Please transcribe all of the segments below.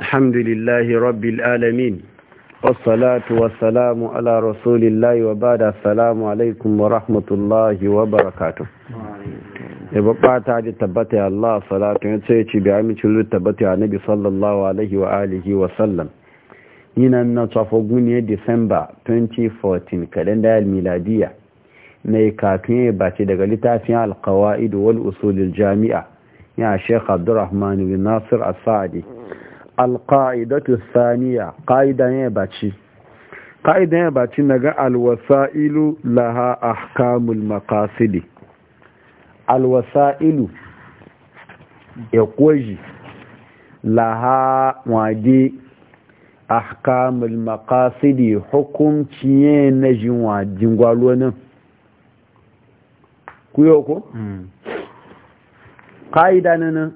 الحمد لله رب العالمين والصلاة والسلام على رسول الله وبعد السلام عليكم ورحمة الله وبركاته Ibu ba ta ya Allah salatu ya ce ci biya mi cilu tabbata ya nabi sallallahu Alaihi wa alihi wa sallam. Ni nan na tsofa 2014 kadan da yal miladiya nai yi kafin ya ba daga littafin alkawa idu wal usulil jami'a ya shekha Abdullrahmanu bin Nasir Asadi. alƙa'idatu saniya ƙa'idan ya baci ƙa'idan ya baci na ga alwasa'ilu laha ahkamul makasili alwasa'ilu ya kwaji laha wade ahkamul makasili hukumciye na jinwa jingwalonin kuyo ko? ƙa'ida mm. na nan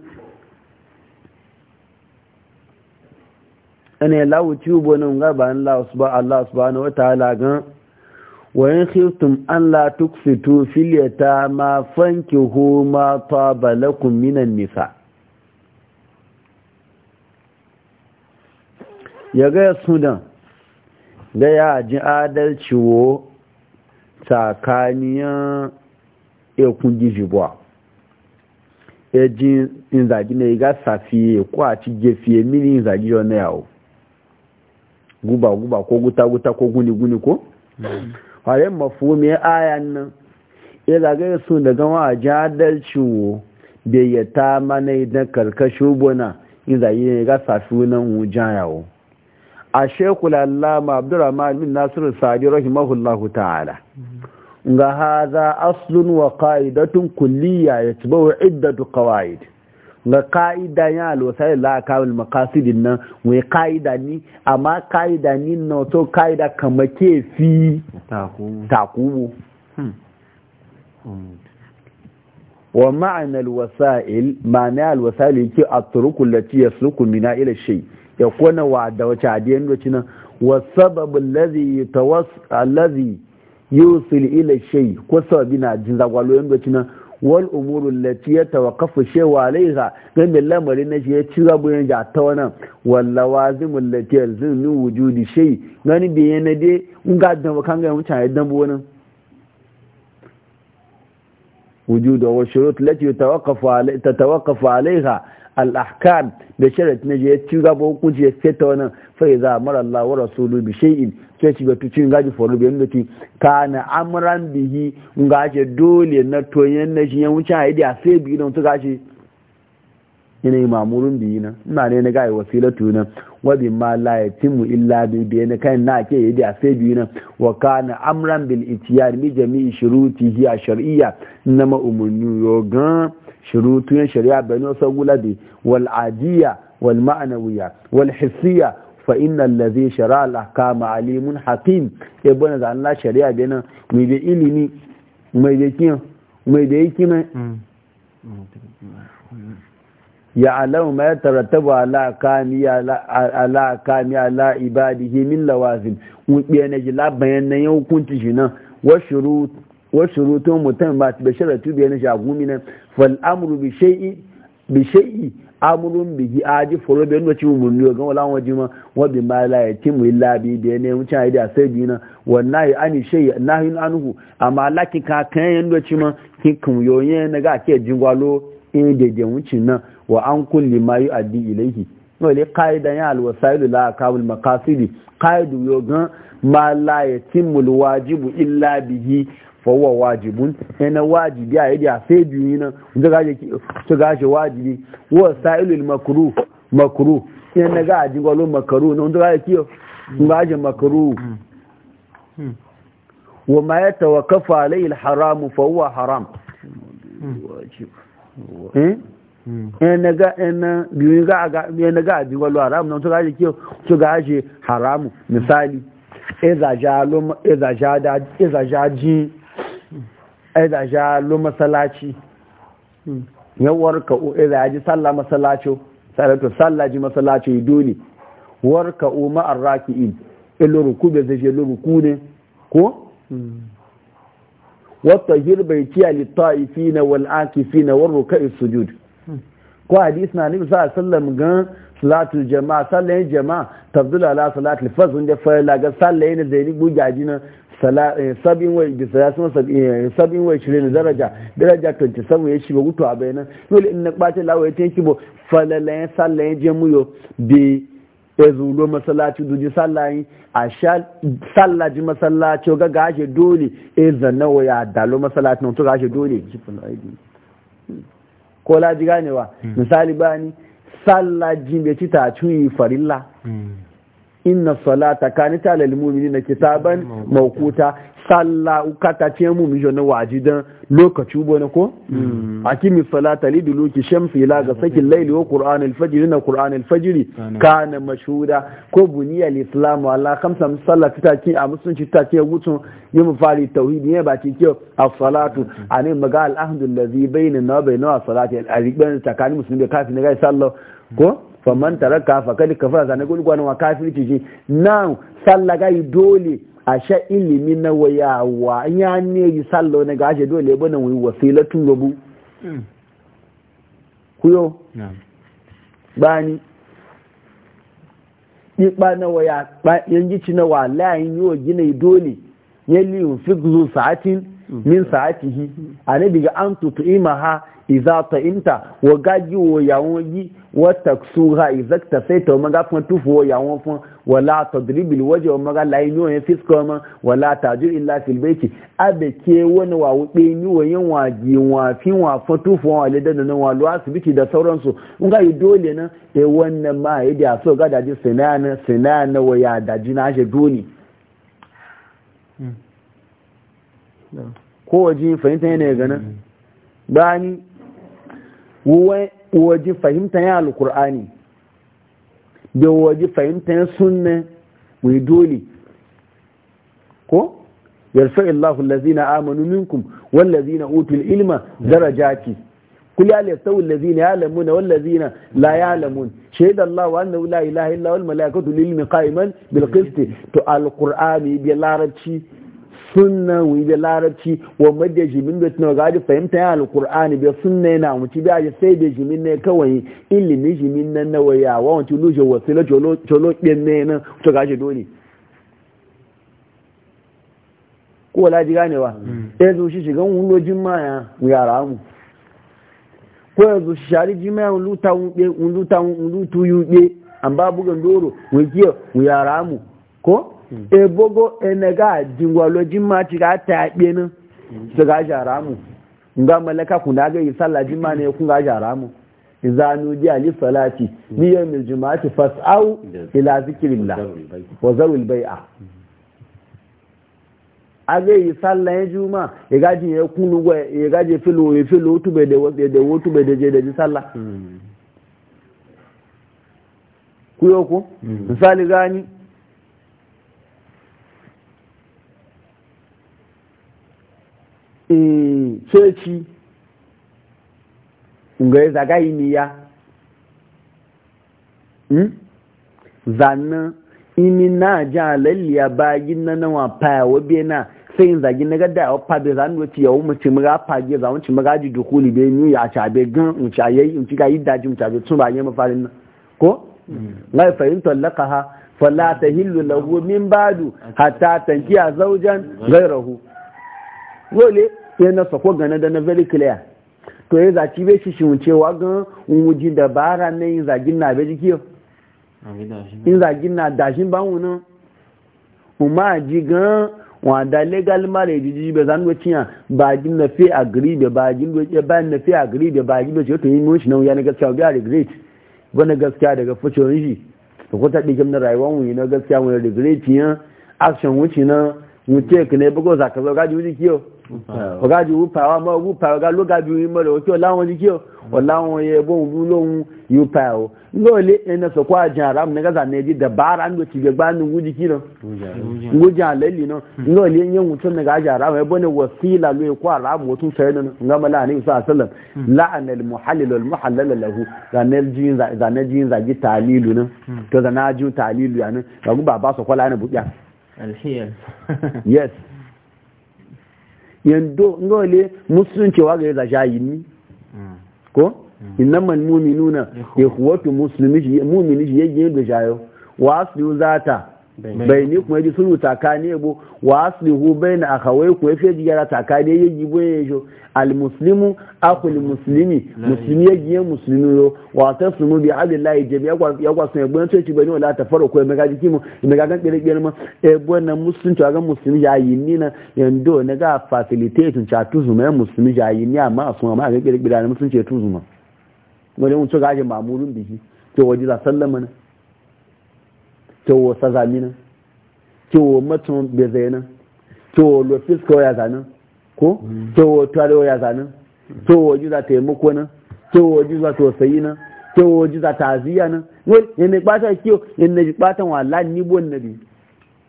ana lawo tubo nan ga ba Allah subhanahu Allah subhanahu wataala gan wa wayan khiftum an la tukfitu fil fanki hu ma taba minan nisa ya gaya sudan da ya ji adalci wo tsakaniyan ekun gijibuwa e ejin inzagi na ga safiye ko a ci gefiye mini inzagi yau na yawo guba guba ko guta guta ko guni guni ko hare mafumi ayan nan ya zagaye su daga wa jadalci wo da ya ta mana idan karkashin bona in zai ne ga safi nan wujan yawo a shekul allama abdurrahman bin nasiru sadi rahimahullahu ta'ala ga haza aslun wa qa'idatun kulliya yatba'u iddatu qawaid na ka'ida ya alwasar la kawo makasidin nan wai ka'ida ni amma ka'ida ni na to ka'ida kama ke fi takubu hmm. wa ma'ana alwasail ma'ana alwasail yake atruku lati suku mina ila shai ya kona wa da wace adiyan doci nan wa sababu alladhi yatawas alladhi yusil ila shai ko sababi na jin zagwalo yan doci nan wal umuru lati ya tawakkafu shewa alaiha bil lamari na shi ya ci rabu ya ja ta wannan wal lawazim lati yalzim min wujudi shay gani bi yana de ga dan kan ga mutane dan bu wannan wujudu wa shurut lati yatawaqqafu alaiha tatawaqafu alaiha al-ahkam da sharat na je ci gaba hukunci ya feta wannan za a mara Allah wa rasulu bi shay'in sai ci batu cin gaji faru biyan yanda ti na amran bihi ngaje dole na toyen na shi ya wuce haidi a sai bi don su gashi mamurin mamurun biyi na ina ne na gaya wasilatu na wabi ma la yatimu illa bi bi na kan na ke yi a sai biyu na wa kana amran bil itiyar mi jami'i shurutihi a shar'iyya na ma'umurni yogan shurutun shari'a bani wasu gulabi wal adiya wal ma'anawiya wal hissiya fa inna allazi shara al ahkama alimun hakim e da Allah shari'a bana mai da ilimi mai da mai da ya alamu ma ala kami ala kami ala ibadihi min lawazim wuɓe na ji laban na yau kunci shi nan wa tun mutum ba ta sharatu tu biya na shagumi bi fal'amuru bi shai'i bi bihi aji foro biyan da cikin murni ga wala waje ma wabi ma la ya illa bi da ne mun cha da sai bi na wa nahi ani shay nahi anhu amma laki ka kan yan da ci ma ki kun yoyen na ga ke jingwalo in da da mun cin nan wa an kulli ma addi ilayhi no le qaida ya al wasail la kawul maqasid qaidu yo gan ma la yatimu al wajibu illa bihi fa huwa wajibun ina wajibi ya da sai ina nan ga gaje to gaje wajibi wa sailu al makruh makruh ina ga ajin golo makruh ga da gaje kiyo gaje makruh wa ma yatawakkafu alayhi al haram fa huwa haram wajib hmm. yanaga ga ji gwalo haramu na tuka ake su ga ashe haramu misali izaja lo masalaci yawar ka o ji sallah masalaci salatu sallah ji masalaci dole warka o ma'ar raki'in ilo ruku bai zai ilo ruku ne ko wata hirbai kiyaye ta'ifina wal'akifina warruka sujud ko hadis na nabi sa sallam gan salatul jama'a sallayin jama'a tabdul ala salatul fard wanda fa la ga sallayin da ni bujaji na eh, sabin wai bi salasun eh, sabin wai shirin daraja daraja 27 ya shiga wuto a bayanan dole in na kwace lawaye ta yake bo falalayen sallayen jemuyo bi ezulo masallaci duji sallayen a sallaji masallaci ga gashe dole e zanna waya dalo masallaci na wato gashe dole ko laji ganewa mm. misali bani sallah jimbe ci ta cuyi farilla mm. inna salata kanita lil na kitaban mawquta salla ukata ce mu mi jona wajidan lokaci ne ko mm. akimi salata li duluki shamsi ila ga sakin laili wa qur'an al fajr na qur'an al fajr kana mashhuda ko buniya al islam la khamsa musallati ta ki a musulunci ta ce gutun yi mu fari tauhid ne ba ci kyau as salatu ane maga al ahdu allazi bainana wa salati al ariban kani musulmi ga kafin ne ga sallo ko faman taraka fa kadi kafara zane gulgwana wa kafin ji nan sallaga yi dole a sha ilimi na wayawa ya ne yi sallo na gashe dole ya bane wani wasilatun rubu kuyo bani ipa na waya yanzu ci na wa layin yi wa gina yi dole ya liyun fi zu sa'atin min sa'atihi a ne daga an tutu ima ha iza ta imta wa gaji wa yawon yi wata ha izakta sai ta omega fun ya yawon fun wala dribil waje omega layi ni wani fiska ma wala tajir illa fil baiti abe ke wani wa wuɗe ni wani waji wa fi wa fun tufu wa leda dana wa luwa asibiti da sauransu in ga yi dole na e wannan ma ya da so ga daji sinana sinana wa ya daji na ashe dole hmm. ko waje fahimta yana ya gana hmm. bani wuwai waje fahimta ya alkur'ani da waje fahimta ya sunna mai dole ko yarfa illahu lazina amanu minkum lazina, utul ilma darajati kul ya yastawi allazina ya'lamuna lazina la ya'lamun shahida allah wa annahu la ilaha illa huwal malaikatu lil qa'iman bil qist to alqur'ani bi larabci sunna wi da larabci wa madda jimin da tunawa gaji fahimta ya alkur'ani bai sunna yana mutu bai aji sai da jimin ne kawai ilimi jimin nan na waya wa wanci luje wasila jolo ɗin ne nan to gaji dole ko wala ji ba, hmm. ya zo shi shigan wulojin maya yara mu ko ya zo shi shari jimaya wuluta wuluta wulutu yuɓe an ba bugan doro mu yara mu ko ebogo enaga jima ti ga ta ɓenin su ga jaramu nga malaka kun ga yi sallah jima ne kun ga jaramu mu idza nudiya li salati ni yawmil jumaati fas'au ila zikrillah wa zawil bai'a age yi sallah juma ya gaji ya kunu gwa ya gaji filo ya filo tube de wo de wo tube de je de ji sallah hmm. kuyo ko hmm. misali gani ceci eh, ga hmm? ya zagayi ni ya zannan imi na ji alalliya bayan na nawa faya wabe na sai yin zagi na gada yawa fabe za mu ci yawo mace mura fage za mu ci mura ji dukuli be ni ya cabe gan hmm. in ci ayi in ci ga yi daji mu cabe tun ba yi mafarin nan ko ngai fahimta lakaha fala hmm. tahillu lahu min badu hatta tankiya zaujan gairahu dole sai na sako gane da na very clear to ya zaci bai shi shimcewa gan wuji dabara na yin zagin na bai jiki in zagin na dashin ba wuna kuma ji gan wanda legal marriage ji bai zan wacin ya ba jin na fi agree da ba jin wacin ba na fi agree da ba jin ya to yi mun shi na wuya na gaskiya ga regret wani gaskiya daga fucin shi da kuta dikin na rayuwar wuyi na gaskiya wani regret yin action wuce na wuce ka ne bugo zaka zo gaji wuce kiyo ọ̀gá ju wúpa wa mọ́ wúpa ọ̀gá ló ga ju yín mọ́ rẹ̀ wọ́n tí ọ̀la wọn ní kí ọ̀la wọn yẹ bóun bú lóhun yúpa ẹ̀ lóòlé ẹni sọ̀kọ́ àjẹ́ àràmù nígbàtà nẹ́ẹ̀dí dàbára ń lòtì gbẹgbà ní ngújì kí lọ ngújì àlẹ́lì náà lóòlé ń yẹ̀wù yando ngole musulunci wa ga ya yi ni ko mm. man mu'minuna ikhwatu muslimi ji mu'mini ji yayin da jayo wa aslu zata bayni kuma ji sulu takani bo wa aslihu bayna ku yafi ji gara takani yayi bo yajo almuslimu akul muslimi muslimi ya giye muslimi yo wa taslimu bi abdillahi jami'a ya kwa sun egbe to ci bani wala tafaru ko mega jiki mu mega gan kire kire ma egbon na muslim to ga muslimi ya yi ni na yando ne ga facilitate cha tuzu ma muslimi ya yi ni amma sun ma ga kire kire da muslim ce tuzu ma wani mun to ga je mamurun biki to waje la sallama na to wa sazamina to wa matun bezena to lo fisko ya zanan ko kewo mm. tare ya zane cewa ji za ta yi muku nan cewa ji za ta wasayi nan cewa ji za ta ziya nan yin yana kpata kiyo yin ji kpata wa lan ni bon nabi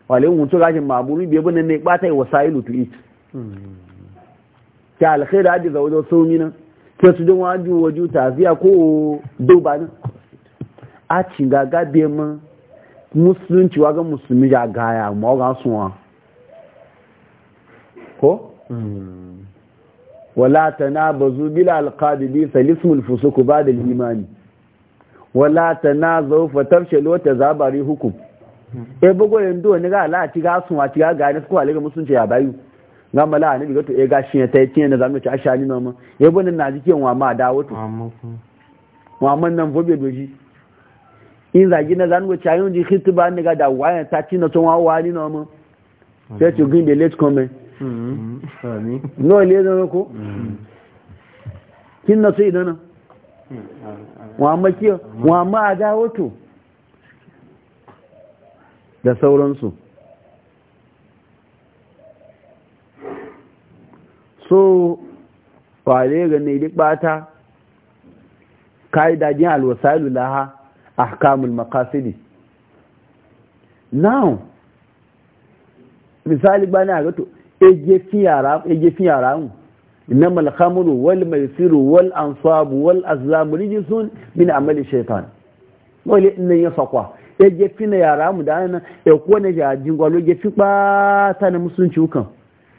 wale wuce to gajin maburu biye na ne kpata wa sailu to it ta alkhair hadi ga wajen somi nan ke su don waju waju ziya ko duba nan a cinga gabe ma musulunci wa ga musulmi ja gaya ma ga sunwa ko Hmm. wala tanabazu bil alqabi bi salismul fusuku ba da imani wala tanazu fatafshalu wa tazabari hukum hmm. e bugo yando ni ga ala ti ga sun ati ga gani ko ale ga ce ya bayu ga mala ni ga to e ga shin ta tin na zamu ci ashani no ma e bunin na jike wa ma da wato wa man nan fobe doji in gina zan go chayon ji khitba ni ga da wa ta tin na to wa wani no ma hmm. sai to gin the let come Mm-hmm. Mm-hmm. nawa ne zama ko mm-hmm. kin na sai dana Wama kiyo wamma a dawo to da sauransu so kwale ga ne duk bata ka'idajin alwasalu laha a ahkamul maqasidi now misali bana ga to ege fi yara hun inna malhamuru wal siru wal sabu wal azlamu sun min amali shaitan wale inna ya sakwa ege fi na yara hun da ana ya e kuwa na jajin gwalo ge fi bata na musulunci hukan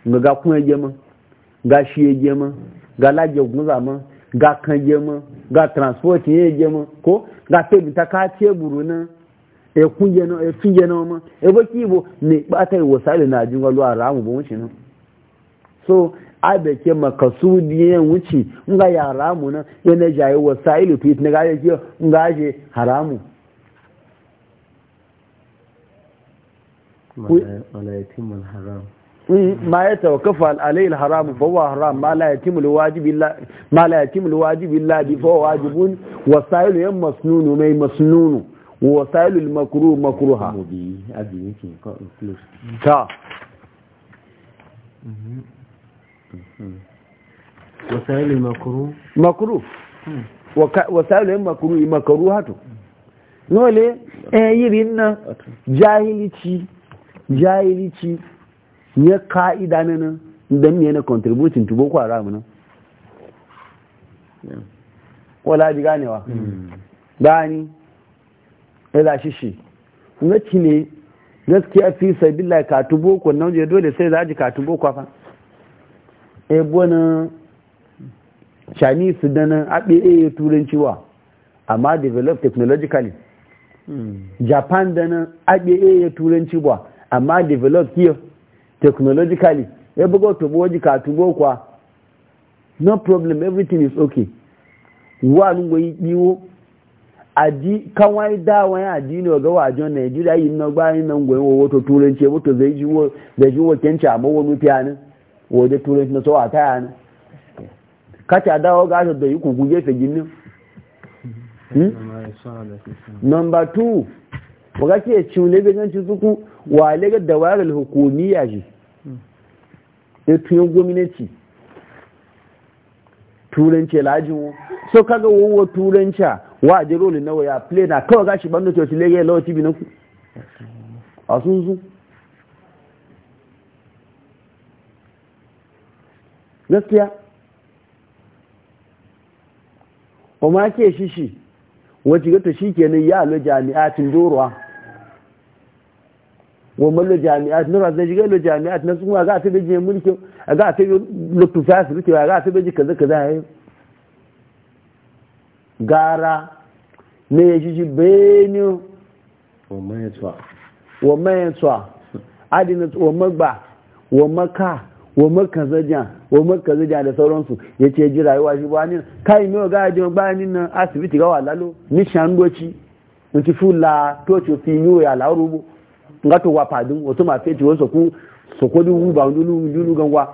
ga ga kuma ege man ga shi ege man ga lage gunza man ga kan ege man ga transport ege man ko ga ta ka teburu nan ekun yẹn efi yẹn ọmọ ebo kí ibo ní pátá ìwòsàn e náà jùlọ lọ ara àwọn òbòwò ṣìnà so abẹ̀kẹ́ makasu diyan wuce nga ya haramu na yana e jaye wasa fit na gaje nga je haramu ma ya tawakafa alayil haramu fa huwa haram ma la yatimul wajibi illa masnunu mai masnunu wa wasailul makruh makruha ta mm-hmm. wasailul makruh makruh hmm. wasailul makruh makruhatu hmm. nole eh, eh yirin na jahilici jahilici ya ka'ida na nan don ne na contributing to boko haram wala bi ganewa gani hmm. ya zashi shi na ci ne gaskiya fi sabila katu boko na wajen dole sai za a ji katu boko fa ebonin chinese dana aɓe ya e, turanci wa amma develop technologically hmm. japan dana aɓe ya e, turanci wa amma develop here technologically ya e, buga tubo waje katu boko no problem everything is okay wa nungwa yi biwo adi kan wani da wani addini ga wajen Najeriya yin nan bayan nan goyin wa wato turanci wato zai ji wo zai ji wakin a mawa nufiya waje turanci na sawa ta ne kacha dawo ga da yi ku guje ta ginin hmm? number 2 waga ke cule ga ganci suku wa lega da waral hukumiya ji ya tuyo gwamnati turanci lajin so kaga wawo turanci wa je rolin nawa ya play na kawai gashi bando to sile ya lawa tibi na ku a sun gaskiya o ma ke shishi wace gata shi kenan ya lo jami'atin doruwa wa mallo jami'at nura zai shiga lo jami'at na sun ga ta da je mulkin ga ta lo tufa su ga ta da kaza kaza yayin gara na ya jiji benin wa mayantuwa adinat wa magba wa maka wa makazajan wa makazajan da sauransu ya ce ji rayuwa shi ba ne kai mewa ga ajiyar bayanin nan asibiti ga walalo ni shangoci nti fula tocho fi yi ya laurubu nga to wa fadin wato ma feti wasu ku sokodi wu ba wani lulu gangwa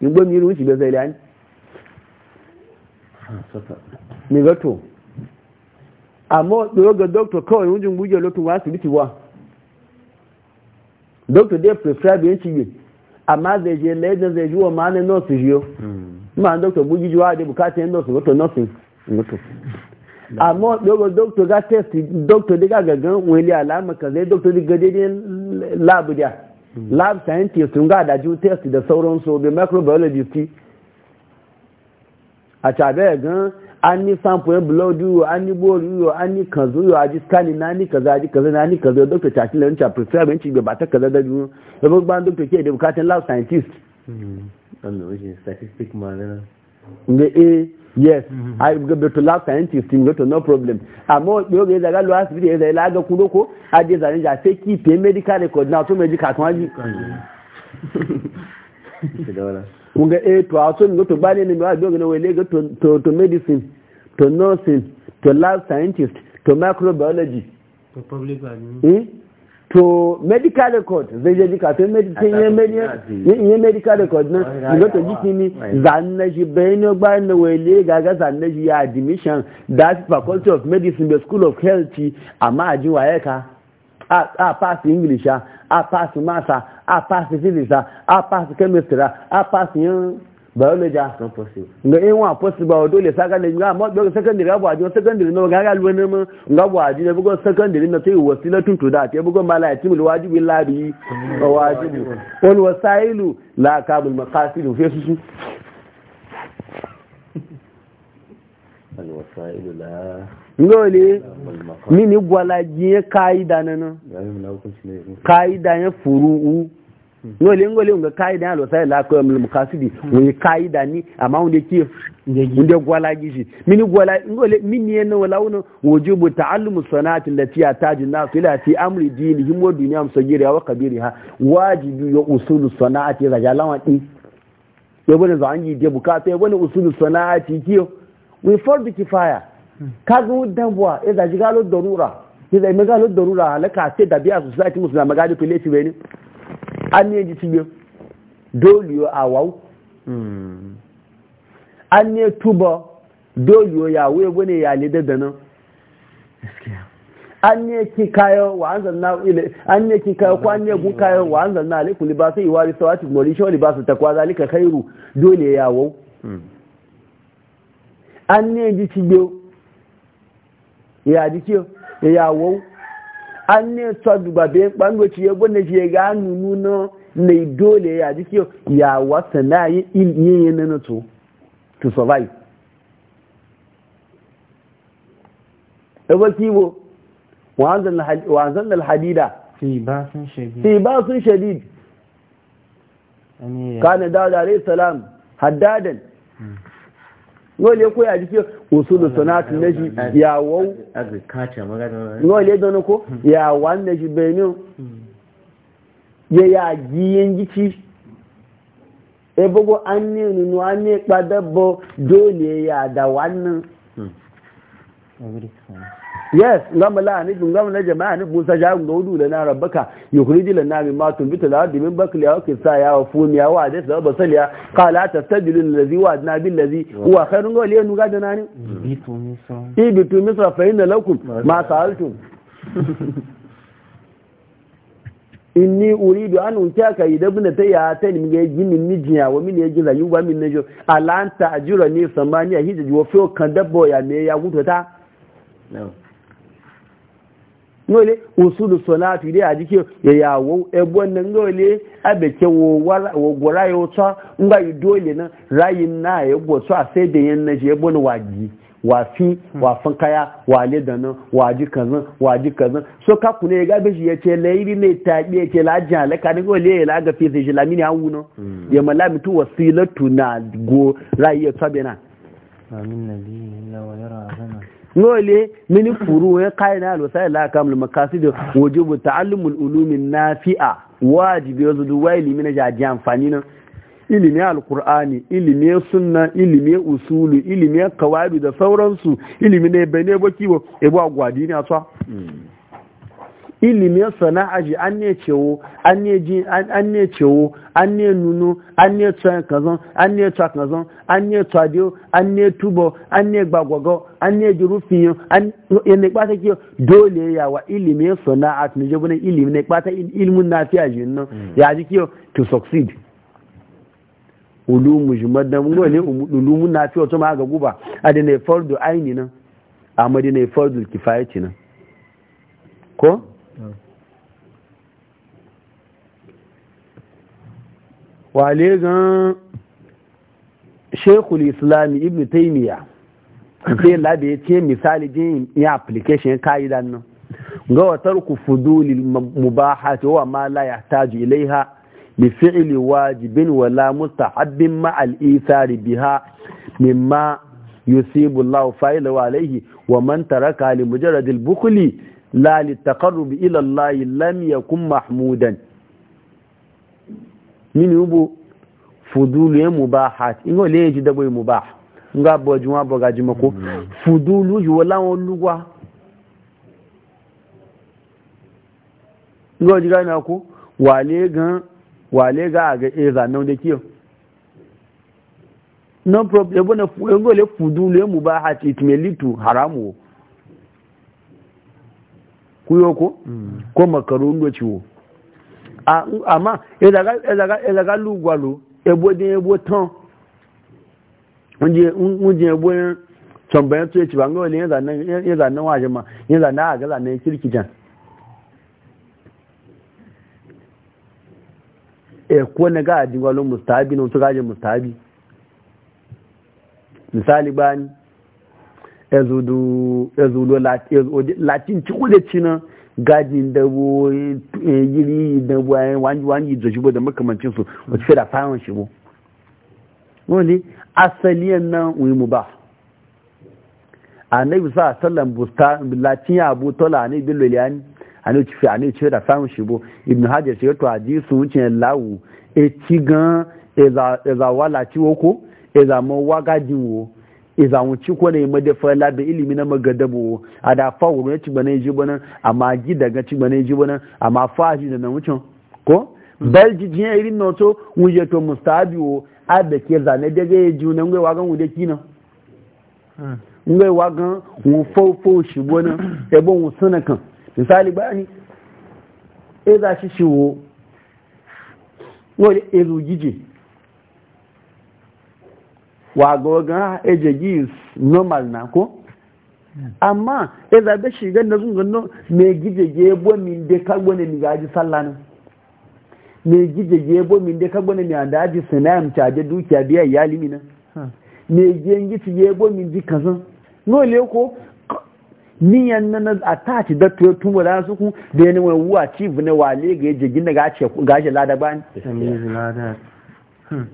igbo miri wuce bai zai da ni mi amma ga doktor kawai wujin buge lokacin wa asibiti wa doktor dai prescribe yi amma zai je laidin zai ji wa ma'ana nurse jiyo ma doktor bugi jiwa da bukata yin nurse wato nursing mutu amma ɗoro doktor ga test doktor ga gangan wani alama ka zai doktor dai ga daidai labu da lab scientist sun ga da test da sauransu bi microbiologist a cabe gan an ni sample blood yo an ni bori yo an ni kanzu yo aji scan na ni kaza aji kaza na ni kaza doctor chachi le ncha prescribe nchi be bata kaza da ju e bo gba doctor ke de bukatan lab scientist mm and the statistics man na nge eh yes mm-hmm. i go to lab scientist in to no problem àmọ́ yóò gbé ìdàgbà lọ àsìbìtì ẹ̀sẹ̀ ìlàgà kúndókó adé ìsàníjà ṣé kí ìpè medical record náà tó medical kan yìí. mo ga ètò àwọn ní gbọ́tò báyìí ni mi wá gbọ́dọ̀ go to to medicine to nursing to lab scientist to microbiology. to public admin. Hmm? to medical record zai je jika to yin medical record na ga to jiki ni zanna shi ni ba na wele gaga zanna shi ya admission that faculty of medicine the school of health amma a ji ka a pass english a pass masa a pass physics a pass chemistry a pass yin biology has not possible nga in wa possible o dole saka ne nga mo dole secondary abu ajo secondary no ga galu ne mo nga bu ajo ne bugo secondary na tayi wasila tun to da te bugo mala ya timul wajibi labi o wajibi wal wasailu la kabul maqasid fi susu al wasailu la ngole mini gwala jiye kaida nan kaida ya furu'u ngole ngole unga kaida lo sai la ko mul mukasidi unga kaida ni amma unde ki unde gwala gishi mini gwala ngole mini yana wala wono wujubu ta'allumu sanati allati yataju na fila fi amri himo duniya am sagira wa kabiriha wajibu ya usulu sanati ga jalawa din ya bane za an yi de bukata ya bane usulu sanati kiyo we the kifaya kaga dabwa ya zaji galo darura ya zai magalo darura halaka sai da biya society musulma magadi to lati bai ni. an ne ji cibiyo doliyo a wau an ne tuba doliyo ya wuye gwane ya lida da an ne kayo wa an na ile an ne kayo wa an zanna alaikum libasu iwari sawati mori shawari basu takwa zalika khairu dole ya an ne ji cibiyo ya ji ya an ne tsadu ba bayan ɓangoci ya gwanda shi ga nunu na mai dole ya ji ke ya wasa na yin yin na to to survive ɗaba kiwo wanzan alhadida fi ba sun shadid kana da alaihi salam haddadan hmm. nole ko ya jike usulu sanatu naji ya wau agriculture magana nole don hmm. ya wan naji benin hmm. ya giyen gici e bogo an ne nunu dole ya yes ngam la ni ngam na jama'a ni musa ja ga wudu lana rabbaka yukhrij lana mimma tunbitu al-ardi min bakli wa kisaya wa fumiya wa adas wa basaliya qala tastajilu allazi wa adna bil ladhi huwa khairun wa liyanu ga dana ni ibitu misra fa inna lakum ma sa'altum inni uridu an untaka idabna tayatan mi yaji min nijiya wa min yaji zayu ba min najo alanta ajura ni samaniya hiji wa fi kan dabbo ya me ya gutu ta no nole usulu salatu dai a jike ya yawo ebon nan nole abeke wo wo ya yo tsa nga idole na rayin e na ya go tsa sai da yan naje ebon waji wafi wafin kaya wale da nan waji kazan waji kazan so ka kune ya gabe shi ya ce lairi ne taɓi ya ke lajin alaka ne gole ya laga fi sai shi lamini an wuno hmm. ya malami tu wasilatu na go rayi ya tsabe na amin nabi la wa yara azana nole mini furu ya kai na alwasai la kamul makasidu wajibu ta'allumul ulumin nafi'a wajibi yanzu duk wai limina jaji amfani nan ilimi alkur'ani ilimi sunna ilimi usulu ilimi kawaidu da sauransu ilimi ne bane baki ba ebo agwadi ne ilimin sana'a an ne cewo an ne ji an ne cewo an ne nuno an ne tsayin kazan an ne tsa kazan an ne tsadiyo an ne tubo an ne gbagwago an ne ji rufiyin an ne kpata ke dole ya wa ilimin sana'a tun je bunan ilimin ne kpata ilimin na fiya ji nan ya ji ke to succeed ulumu ne ulumu na fiya to ma ga guba fardu aini nan amma dina fardu nan ko wale gan shekul islami ibn taimiyya sai labe ya ce misali jin ya application ka'ida nan ga watar ku fudulil ce wa ma la yahtaju ilaiha bi fi'li wajibin wala mustahabbin ma al ithari biha mimma yusibu Allah fa'ila wa alaihi wa man taraka li mujarradil bukuli la littaqarrub ila Allah lam yakun mahmudan mini ubu fudulu ya mubahat ingo le ji dabo mubah nga bo juma bo ga juma ko fudulu ju wala won lugwa ngo ji ga na ko wale gan wale ga ga e za nan de kiyo no problem bona ngo fudulu ya mubahat it may haramu kuyo ko mm. ko makaru ndo ciwo amma ilaga ilaga ilaga lu gwalu ebo din ebo ton unje unje ebo tomba yato ya chiba ngawali ya zana wa jama ya zana wa gala na kiriki jan e kuwa na gaji gwalo mustabi na otu gaji mustabi misali ba ni. ezudu ezudu latin cikule cina gajin dabo e, yiri dabo e, wani wani da shigo da makamancin su wata fi da fahimar shigo wani asaliyan nan wani mu ba yi sa sallan busta latin ya abu tola na yi loliyani liyani a na yi ci da fahimar shigo ibn hajjar shi to hadisu wuce lawu e ci gan ezawala e lati woko ezamowa gajin wo Iza ci ko ne hmm. madafa da ilimi na magadabo a da fa wuri ci bane ji bane amma gi daga ci bane ji bane amma fa ji da na wucin ko bal ji jiya irin na to wuje to mustabiwo a da ke zane daga ya ji nan gaiwa gan wude kina hmm. ngaiwa gan wu fofo shi bane ebo wun suna kan misali ba e za shi shi wo wani ezu gije wa gogan ejegi normal na ko amma ya zaɓe shigar da zungan nan mai gijege bo min de kagbo ne mi gaji sallah nan mai gijege bo min da kagbo ne mi da aji sinayam caje dukiya biya iyali mi nan mai gengi ci ye bo min ji kazan le ko niyan nan a ta ci da tuyo tumo da su ku da yana wani wuwa ci ne wale ga ya jegin da gashi lada ba ni. Hmm.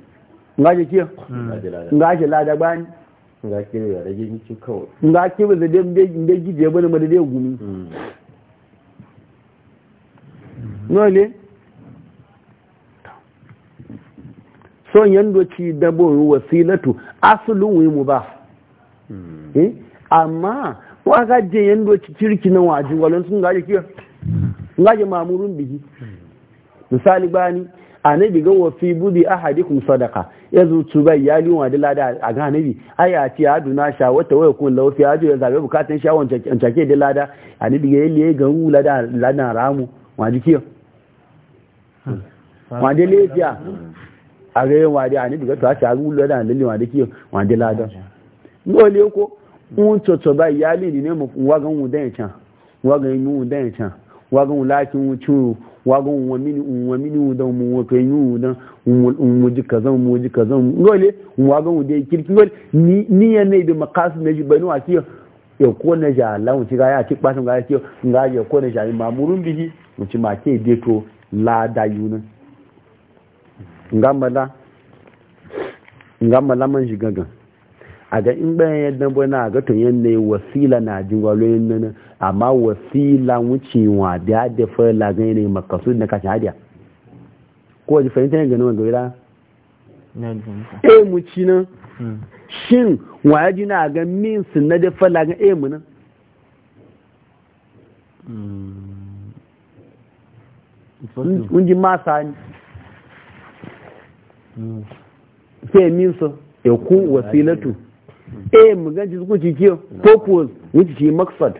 ngaje kiyo hmm. ngaje lada bani ngake ya rage miki kawai ngake ba da gije bane ma da dai gumi hmm. hmm. nole so yando ci dabo wasilatu aslun wi mu ba eh amma ko aka je yando ci kirki na waji walon sun gaje kiyo ngaje mamurun bihi misali bani anabi ga wa fi budi ahadikum sadaqa ya zuci bai ya liwa da lada a ganibi ai a ce aduna sha wata waya kun ajo ya zabe bukatun sha wancan cake da lada a ni ya yi ga ru lada lada ramu wa jikiyo hmm. wa a ga yin a ni ga ta ta ru lada lalle wa wa lada ko un toto bai ya li ne mu wa ga dan can wago unwa mini unwa mini udan mu wa kai yu udan unwa ji kazan mu ji kazan ngole unwa ga mu dai kirki ngole ni ni ya ne da makas ne ji banu ati ya ko na ja Allah mu ci ga ya ci kwatin ga ya ci ga ya ko na ja mamurun bihi mu ci ma ke dai to la da yuna ngamala ngamala man shi gagan a ga in bayan yadda bana ga to yanne wasila na jingwalo yanne amma wasila wa da da fala gane makasu na kashin hadiya ko ji fahimta ne ganin wanda wira eh mu ci nan hmm. shin waya ji na ga min sun na da fala ga eh mu nan hmm. mun ji masa ni hmm. sai min su ya ku wasilatu eh mu ganci su ku ci kiyo purpose wuce ci maksad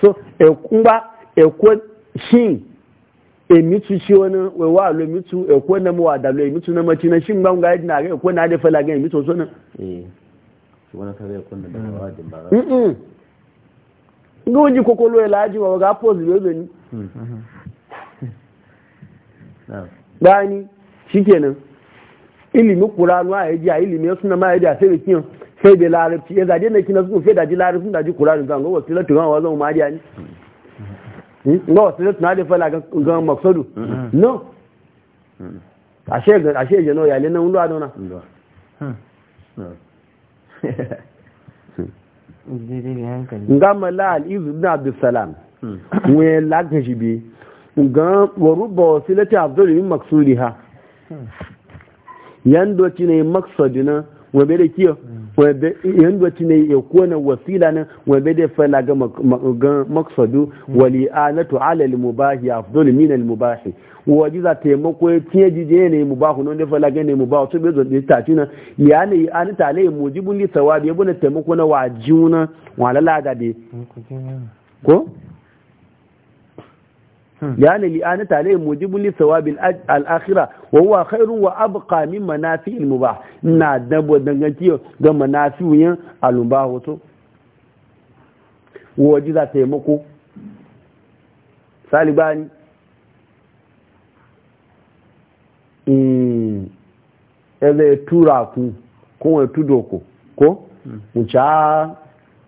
so ekunba ekwo shin emitu shi wani wewa alo emitu ekwa na mu wadalo emitu na mace e, na shin gbangwa yadda na ga e, ekwo na da fala ga emitu so na eh wani kaga ekwo na ba mm nga oji kokolo ya e, laji wa ga pose bezo ni mm. gani shikenan ilimi qur'anu a yaji a ilimi sunna ma yaji a sai kiyon sai bai larabci ya zaje na kina sun fe da ji larabci da ji kurani zan ga wasilatu ga wazan mariya ne hmm? ga wasilatu na da fala ga maksadu hmm. no hmm. ashe ga ashe je no yale nan ruwa dona nga mala al ibn ibn abd salam we lagna shi bi ga waruba wasilatu abdul min maksuriha yando kine maksadina wabe da kiyo wabe yanda ne ya kona wasila nan wabe da fala ga maksadu wali anatu ala al mubahi afdal min al mubahi waji za ta mako ya tiye jije ne mubahu non da fala ga ne mubahu to bezo da tafi na ya ne an ta le mujibun li sawabi yabuna taimako na wajuna walala ga de ko لأن الإعانة عليه موجب لثواب الآخرة وهو خير وأبقى من منافع المباح نادب ودنجتي دم منافع المباح وتو وجزا تيمكو سالباني ele tura ku ko tudo ko ko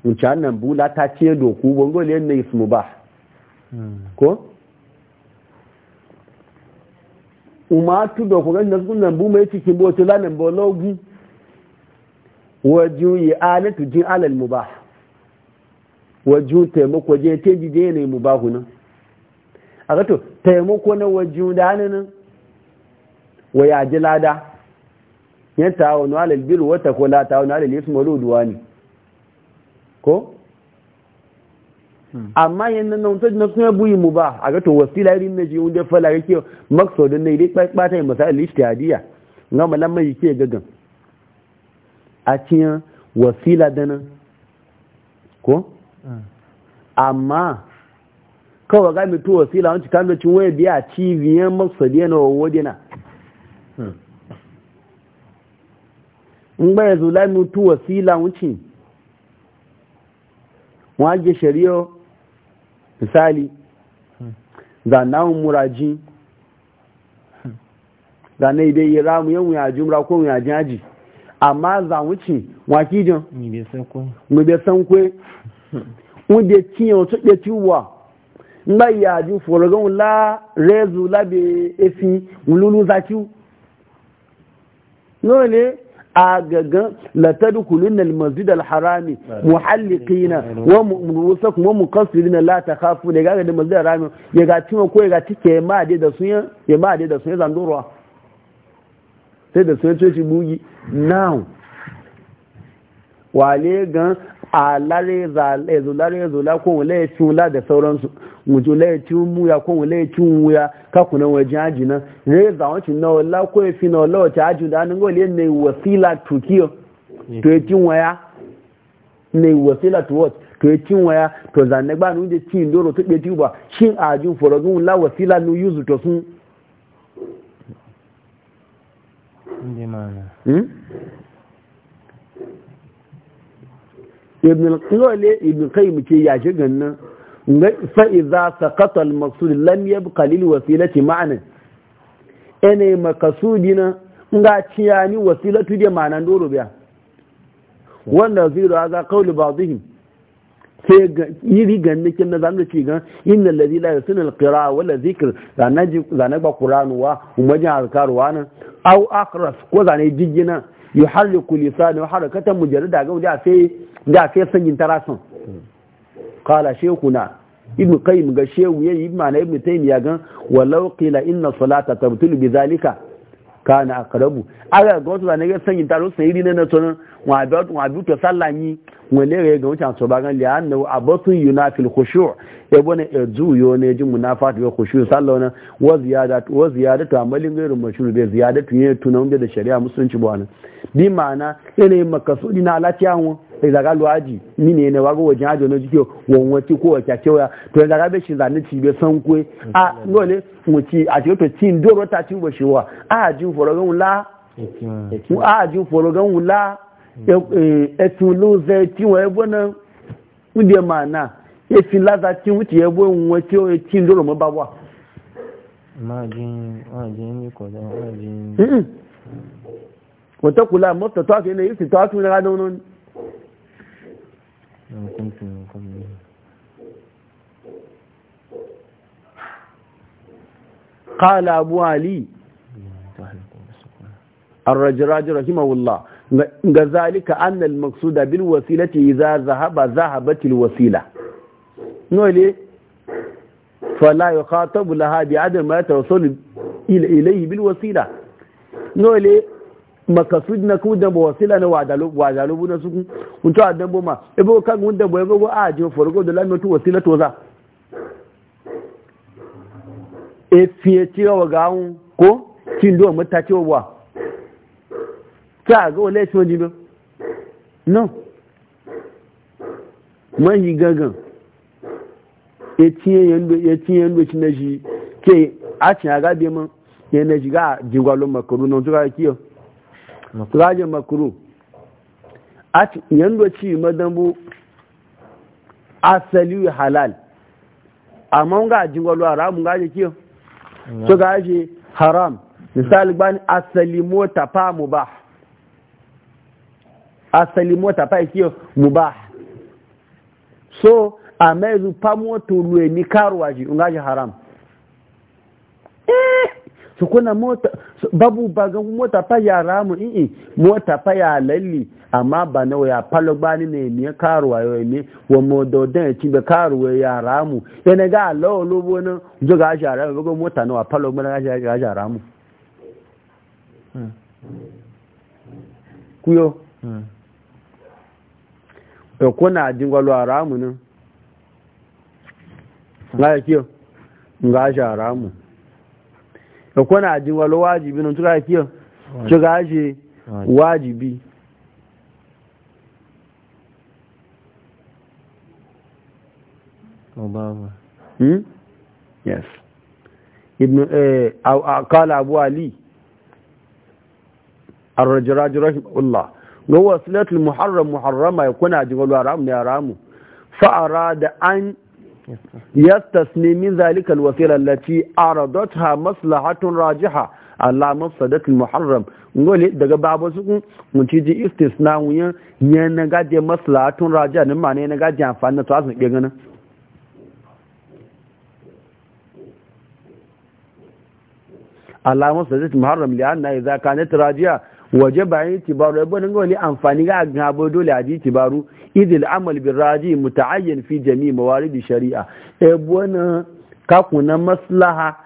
mu cha nan bula ta ce doku bongo le ne ismu ba ko umatu da kugan da sun nan bu mai ciki bo to lanan bo logu waju yi alatu jin alal mubah waju taimako je te ji je ne mubahu nan a to taimako na waju da nan wa ya ji lada ya ta'awunu alal birri wa taqwa la ta'awunu alal ismi wal udwani ko amma yanzu nan ta na suna buyi mu ba a ga to wasila irin na ji wanda fala yake maksudin ne dai kpata yin masail ijtihadiyya nga malam mai yake gagan a cinya wasila dana ko amma kawai ga mutu wasila wancan kan da cin waya biya cibiyan maksudin na wawwadina in ba yanzu la mutu wasila wuce wọ́n á misali zanawun muraji zanai dai ya ramu yan wuyaji mura ko wuyaji yaji amma zawuci wakijin mube sankwe wunde kiyan otu ɗe tiwa ngba yaji forogon la rezu labe efi wululu zakiu ne. agagan latadkhulun almasjid alharami muhalliqina wa rusakum wa muqassirina la takhafuna ga ga masjid alharami ya ga tuma ko ya ga tike ma dai da sun ya ma dai da sun zan dorwa sai da sun ce shi bugi now wale gan a lare zala ko wale tula da sauransu wujo laiti mu ya ko mu laiti mu ya ka waje haji nan ne wanci na wala ko e fi na wala ta haji da nan gole ne wasila tukiyo to yakin e waya ne wasila to what to yakin e waya to zanne ba nu de tin to be tuba shin ajin forogun la wasila nu yuzu to sun hmm? ibn al-qayyim ce gannan fa'iza sakata al-maksud lam yabqa lil wasilati ma'ana na nga ciyani wasilatu da ma'anan doro biya wanda zira haza qawli ba'dihim sai yi rigan nikin na zamu ci gan inna allazi la yusna al-qira'a wala dhikr zanaji zanaba qur'anu wa umajin azkaru wa nan aw akhras ko zane jijjina yuharriku lisanu harakatan mujarrada ga da sai da sai sanyin tarasan qala shaykhuna na, qayyim ga shehu yayi ibn ana ibn taymiya gan walau qila inna salata tabtulu bi zalika kana akarabu aga ga wasu zane ga sanyin taro sai ri ne na tono wa na tunan wabi to sallanyi wale ga ga wucin so ba bagan liya annahu abatu yunafil khushu' e bone e ezu yo ne ji munafatu ga khushu' sallona wa ziyadatu wa ziyadatu amalin gairin mashhur be ziyadatu ne tunan da shari'a musulunci ba wannan bi ma'ana ina yin makasudi na alatiya mu sai daga luaji ni ne ne wago wajin ajo na jike wonwati ko wacce cewa to daga be shi zane ci be sankwe a lole fuci a ce to cin doro ta ci bashi wa a ji forogan wula a ji forogan wula etun e, e lo zai ti wa ebo na wunde ma na efin laza ti wuti ebo e nwa ti o cin doro mo ba wa wata kula mota ta ke ne yi ta tuna ga da wani قال ابو علي الرجراج رحمه الله كذلك ان المقصود بالوسيله اذا ذهب ذهبت الوسيله نولي فلا يخاطب لها بعدم ما توصل إليه بالوسيلة نولي makasud na ku da نوادلو وادلو wajalubu انتو suku kun ابو كان boma ابو اجو wanda bo نتو وسيله توذا fiye cewa gawun ko cin duwa mata cewa wa ta ga wale shi wani ba no mahi gagan ya ciye yando ya ciye yando shi na shi ke a cin a bi mun ya na shi ga jigwalon makaru na tuka kiyo rajin makaru a yando ci madambu asali halal amma ga jigwalon haramun ga kiyo so ga shi haram misali bani asali mota fa mubah asali fa kiyo mubah so a mai zufa moto ruwe ni karuwa shi unga haram su kuna mota babu baga mota fa ya mu i'i mota fa ya lalli amma ba na waya falo gbani ne ne karuwa yau ne wa modo dan ci be karuwa yara mu yana ga lawo lobo na jo ga shara bago mota na wa falo gbani ga shara ga shara mu hmm. kuyo e kuna jingwalo aramu nan hmm. ga kiyo ga shara mu da kwana ji wala wajibi nan tuka kiyo ci shi wajibi Obama. Hmm? Yes. Ibn eh qala Abu Ali Ar-Rajraj rahimahullah wa wasilatul muharram muharrama yakuna jiwalu haram ne haramu fa arada an yastasni min zalika alwasila allati aradatha maslahatun rajiha ala mafsadat almuharram ngole daga babu su mun ci ji istisna wuyan yana gaje maslahatun rajiha nan ma ne na gaje amfani to asu ke ganin ala mafsadat almuharram li anna idza kanat rajiha waje bayan tibaru ya bani wani amfani ga agin abu dole a ji tibaru idil amal bin raji muta'ayyan fi jami mawaridi shari'a e bani kakunan maslaha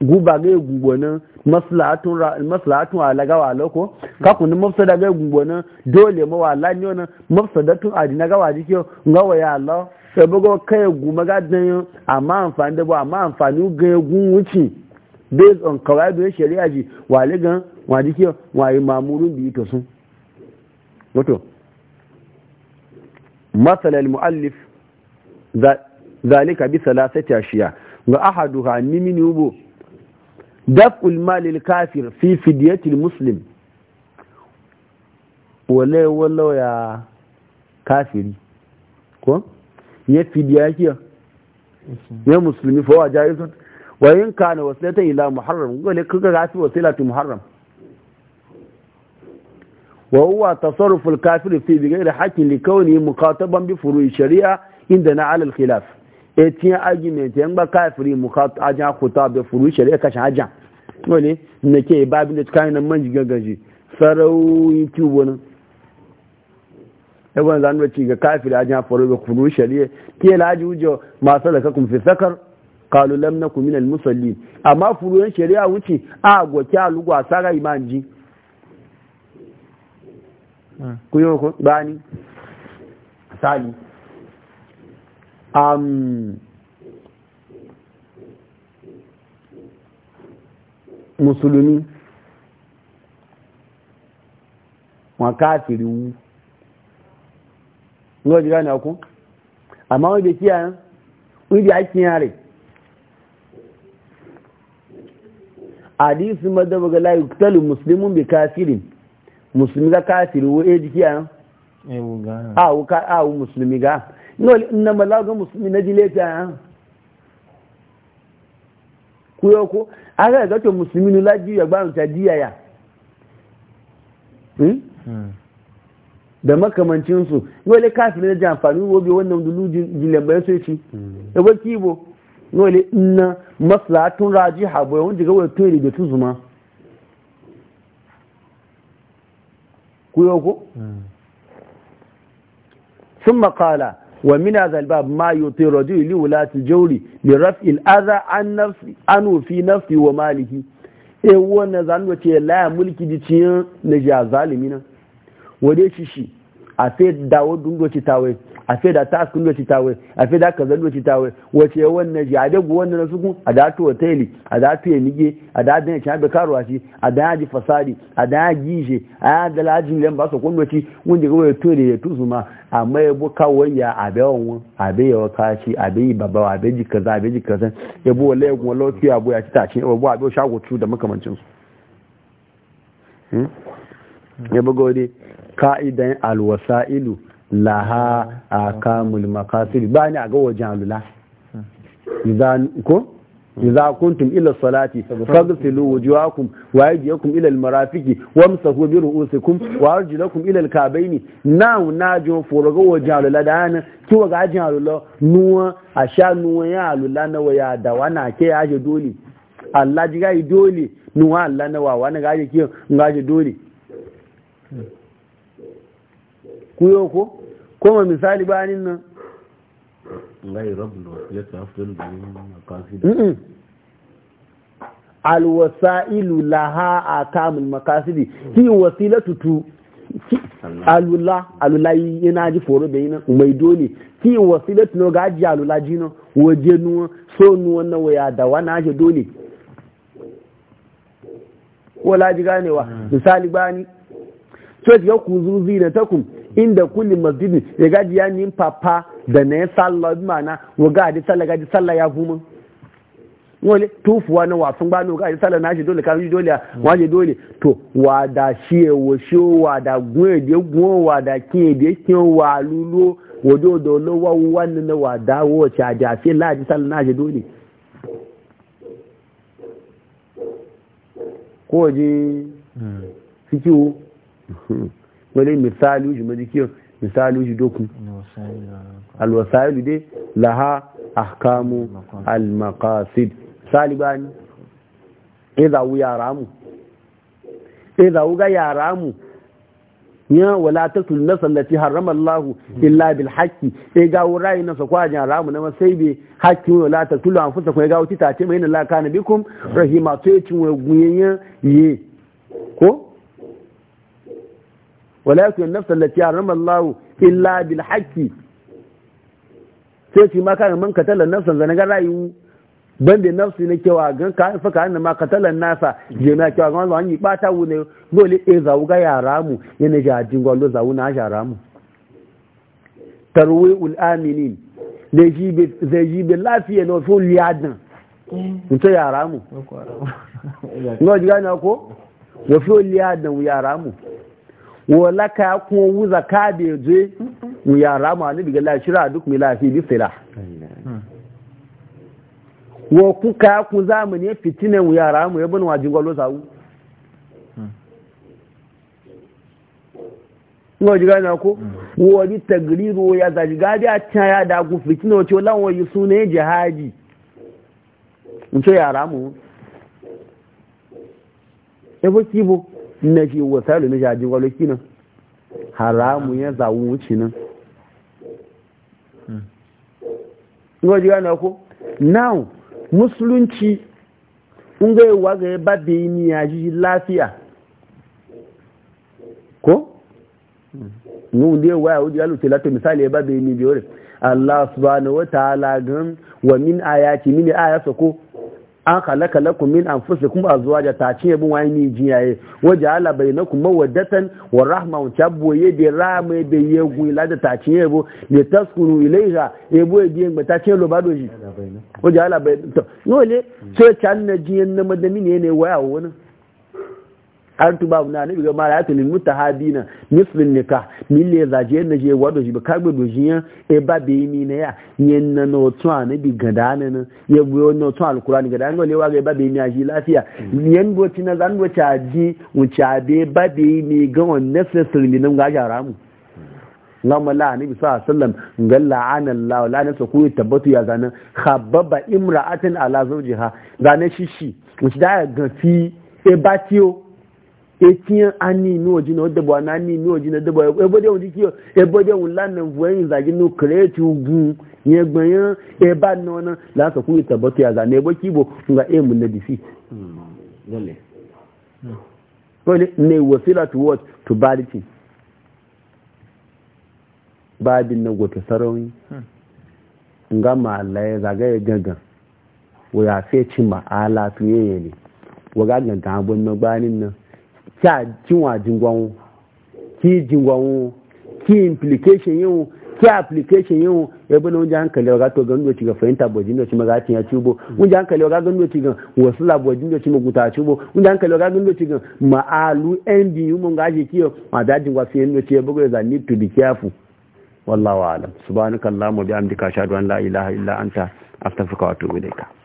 guba ga gubona maslahatun maslahatun alagawa loko kakunan mafsada ga gubona dole ma wala ne wannan tun adina gawa jike ngawa ya Allah sai bugo kai guma ga dan amma amfani da ba amma amfani ga gun wuce based on kawai shari'a ji waligan wadi kiyo wayi mamurun bi to sun wato yìí al sún wọ́tò mu'allif zalika bi salasati ashiya wa ahaduha nimini ubu. daf'ul malil kafir fi al muslim wala wala ya kafiri ko ya fidiya kiyo ya musulmi fa wa wa in kana wasilatan ila muharram gole kuka gasi wasilatu muharram wa huwa tasarruful kafir fi bi ghairi haqqin li kawni muqataban bi shari'a inda na alal khilaf e tiya argument yan ba kafiri muqat aja khuta bi furu'i shari'a ka shan aja wani nake babin da tsakanin nan manji gagaji sarau youtube wannan yabon zanuwa ci ga kafir ajiya faru ga kunu shari'a ke laji wujo masu da kakun fi sakar kalulam na kuminal musalli amma furuwan shari'a wuce a gwake alugwa sara imanji kuyo ko bani sali um musulumi wọn káàkiri wu ní ọjọ́ ìrànà ọkún àmá wọ́n ibi tí a ń ibi àkíyàn rẹ̀ àdísí mọ́dọ́gbọ́gbọ́ láyé musulmi bí káàkiri musulmi ga kafiri wo e jikiya e a wu ka a wu musulmi ga no na malaga musulmi na dile ta ku yo ku aga ga to musulmi nu laji ya gbarun ta diya ya hmm? hmm da makamancin su nole kafiri na jamfani wo bi wannan dulu jilen bayan sai ci ba hmm. e kibo nole ina maslahatun rajiha boye wanda ga wani tori da tuzuma kuyo ko sun makala wa mina zalbab ma yuti rajul li wulati jawri li raf'il adha an nafsi anu fi nafsi wa maliki e wannan zan wace la mulki di ciyan na ja zalimi nan wade shi shi a sai dawo dungo ci tawai a fe da task lo ci tawe a fe da kaza lo ci tawe wace wannan ji ade go wannan suku a da to hoteli a da to yemige a da adana cha karuwa shi a da ji fasadi a da gije a da lajin len ba su kun lo ci wanda ga ya to da tu zuma amma ya bo kawo ya abe won abe ya waka a abe yi a abe ji kaza abe ji kaza ya bo wallahi kuma lafiya bu ya ci tashi a abe shago tu da makamancin su hmm? ya bugode dai ka'idan alwasa'ilu laha a kamul makasiri ba ni a ga wajen lula iza kuntum ila salati fagsilu wujuhakum wa aydiyakum ila almarafiqi wamsahu ko ru'usikum wa arjulakum ila alkabaini naw najo ga wajen alula? da ana, ki ga ajin alula, nuwa a sha nuwa ya alula na waya da wana ke ya je dole Allah ji yi dole nuwa Allah na wa wani ga ji ki ga ji dole kuyo ko kuma misali bayanin nan ngai rabbul wasiyatu afdalu min maqasid al wasailu laha akamul maqasidi hi wasilatu tu alula alula yana ji foro da na mai dole ki wasilatu na ga ji alula jina waje nuwa so nuwa na waya da wana ji dole wala ji ganewa mm. misali bani so ji ku zuzi da takum inda kulli masjidi ya gaji ya nin papa da na ya sallah mana wa gaji sallah gaji sallah ya guma wani tufuwa na wasan gbanu gaji sallah na shi dole kan shi dole wa je dole to wa da shi e wo shi wa da gun e de gun wa da kin e de kin wa lulo wodo do lo wa wannan na wa da wo cha da sai la ji sallah na shi dole ko ji hmm. fikiwo wani misali uji majikiyar misali uji doku alwasailu dai laha ahkamu almakasid misali ba ni izawu yara mu izawu ga yara mu ya wala ta tulna sallati haramar lahu illa bil haqqi e sai ga wurai na sakwa jan ramu na masai be haqqi wala ta tulu an fusa kuma ya e gawo ta ce mai na la kana bikum rahima to yi cin wa guyen ye ko wala yakun an-nafs allati harrama Allah illa bil haqqi sai shi ma kana man katalan nafsan zan ga rayu ban da nafsi ne kewa gan ka fa ka ma katalan nasa je na kewa gan wani bata wu ne dole e zawu ga yaramu mu yana ja jingwa lo zawu na yara tarwi ul aminin zai ji bi lafiya na wasu liyadan mutu yara mu ngo ji na ko wasu liyadan ya ramu wala ka ko wuza ka da je mu ya rama ni biga la shira duk mi lafi bi sila wa ku ka ku zamani fitina mu ya rama ya bin wajin gwalo sawu ngo jiga na ko mm. wo di tagriru ya zaji gadi a cha ya da ku fitina wace lan yi yusune jihadi mu ya ramu ebo kibo na shi wasaru na shaji gwalo kinan haramu ya zawo wuce nan ngoji gane ko now musulunci in ga yawa ga ba da yi ni yaji lafiya ko nun da yawa ya wuce ya luce lati misali ya ba da yi ni biyore Allah subhanahu wa ta'ala gan wa min ayati min ayasa ko an halaka lakum min anfusikum azwaja ta ce bin wani ni jiyaye waje ala bainakum mawaddatan wa rahma wa tabboye de rama de yegu ila da ta ce yebo ne taskunu ilaiha yebo de ngba ta ce lo bado ji waje ala bainakum no le ce can na jiyan na madami ne ne waya wani an tuba na ne biga mara yatin mutahadina mislin nika le za je na je wado shi ka gbe doji yan e ba be mi na ya yen na no to an bi gada na ne ye bu no to al alquran gada ngo le wa ga ba be mi a shi lafiya yen bo ti na zan go cha ji mu cha be ba be mi ga on necessary ni nan ga ja ramu lamma la nabi sallallahu alaihi wasallam gal la'ana Allah la nasa ku tabbatu ya zana khababa imra'atin ala zawjiha zane shishi mu da ga fi e ba tiyo etinye ani inu oji na odebo na ani inu oji na odebo ebode ohun dikio ebode ohun lana vu eyin zagi nu kireti ugun yẹn gbẹ̀yẹn ẹba nana lásán fún ìtàbọ̀tì àgbà ní ẹgbẹ́ kíbo nga éèmù na dì sí. wọ́n ní ìwọ̀ sílá to what to barity báàbí na gòtò sarauni hmm. nga ma laye zagaye gangan wọ́n yà fẹ́ ma ala tuyẹ̀yẹ̀ ne wọ́n gà gangan abọ́ nínú gbáà nínú. kí jinwa jingwanwu ki jingwanwu ki implication yin ki application yin ebe na wunji hankali ga to gando ci ga fahimta bojin da ci maga cin ya cubo wunji hankali ga gando ci ga wasu labojin da ci guta cubo wunji hankali ga gando ci ga ma'alu ndi yi mun gaji kiyo ma dajin wasu yin da ci ya bugu da need to be careful wallahu alam subhanakallahumma bihamdika ashhadu an la ilaha illa anta astaghfiruka wa atubu ilayka